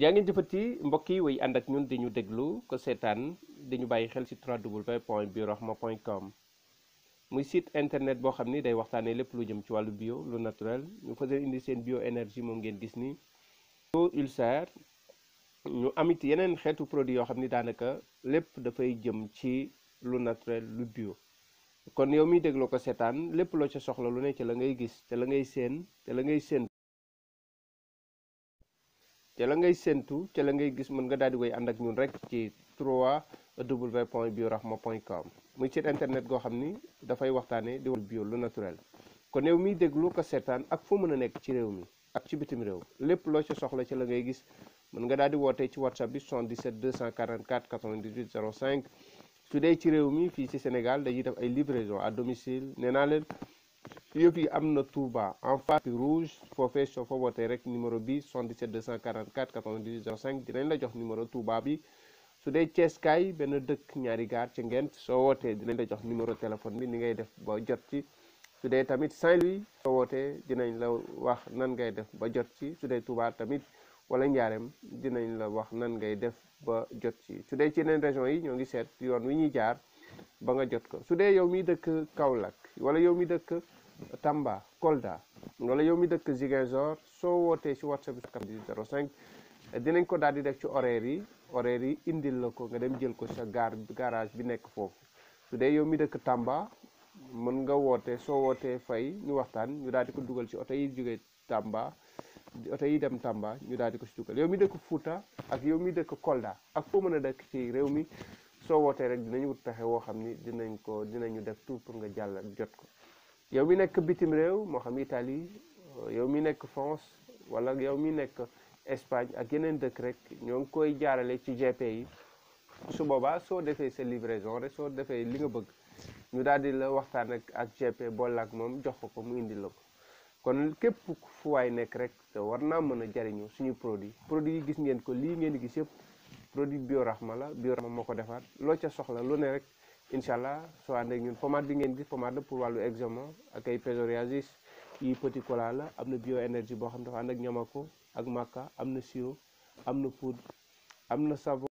jaa ngeen jëfati mbokk yi way ànd ak ñun di ñu déglu ko seetaan di ñu bàyyi xel ci www.biorahma.com muy site internet boo xam ni day waxtaanee lépp lu jëm ci wàllu bio lu naturel ñu fas yéene indi seen bio énergie moom ngeen gis ni bio ulcère ñu amit yeneen xeetu produit yoo xam ni daanaka lépp dafay jëm ci lu naturel lu bio kon yow mi déglu ko seetaan lépp loo ca soxla lu ne ci la ngay gis te la ngay seen te la ngay seen ca la ngay séntu ca la ngay gis mën nga daal di koy ànd ak ñun rek ci 3w point biorahma point com muy site internet goo xam ni dafay waxtaane di wàllu bio lu naturel kon yow mi déglu ko seetaan ak foo mën a nekk ci réew mi ak ci bitim réew lépp loo ci soxla ci la ngay gis mën nga daal di woote ci whatsapp bi 77 244 98 05 su dee ci réew mi fii ci Sénégal dañuy def ay livraison à domicile nee naa leen yëf yi am na Touba en face rouge foofee soo fa wootee rek numéro bi 77 244 98 05 dinañ la jox numéro Touba bi su dee Thiès kaay benn dëkk ñaari gaar ci ngent soo wootee dinañ la jox numéro téléphone bi ni ngay def ba jot ci su dee tamit Saint-Louis soo dinañ la wax nan ngay def ba jot si su dee Touba tamit wala Njaareem dinañ la wax nan ngay def ba jot si su dee ci yeneen région yi ñoo ngi seet yoon wi ñuy jaar ba nga jot ko su dee yow mi dëkk Kaolack wala yow mi dëkk Tamba Kolda wala yow mi dëkk Ziguinchor soo wootee ci whatsapp bi 05 dinañ ko daal di def ci horaire yi horaire yi indil la ko nga dem jël ko sa gaar garage bi nekk foofu su yow mi dëkk Tamba mën nga woote soo wootee fay ñu waxtaan ñu daal di ko dugal ci oto yi jóge Tamba oto yi dem Tamba ñu daal di ko ci dugal yow mi dëkk Fouta ak yow mi dëkk Kolda ak foo mën a dëkk ci réew mi soo wootee rek dinañ wut pexe woo xam ni dinañ ko dinañu def tout pour nga jàll jot ko yow mi nekk bitim réew moo xam Italie yow mi nekk France wala yow mi nekk Espagne ak yeneen dëkk rek ñoo ngi koy jaarale ci GP yi su boobaa soo defee sa livraison rek soo defee li nga bëgg ñu daal di la waxtaan ak ak GP boole ak moom jox ko ko mu indi la ko kon képp fu waay nekk rek te war naa mën a jariñoo suñu produit produit yi gis ngeen ko lii ngeen gis yëpp produit biorax ma la Biorahma moo ko defar loo ca soxla lu ne rek incha allah soo ànd ak ñun pommade bi ngeen gis pommade la pour wàllu eczéma ak ay psoriasis yi petit la am na bioénergie boo xam dafa ànd ak ñamako ak màkka am na sio am na poudre am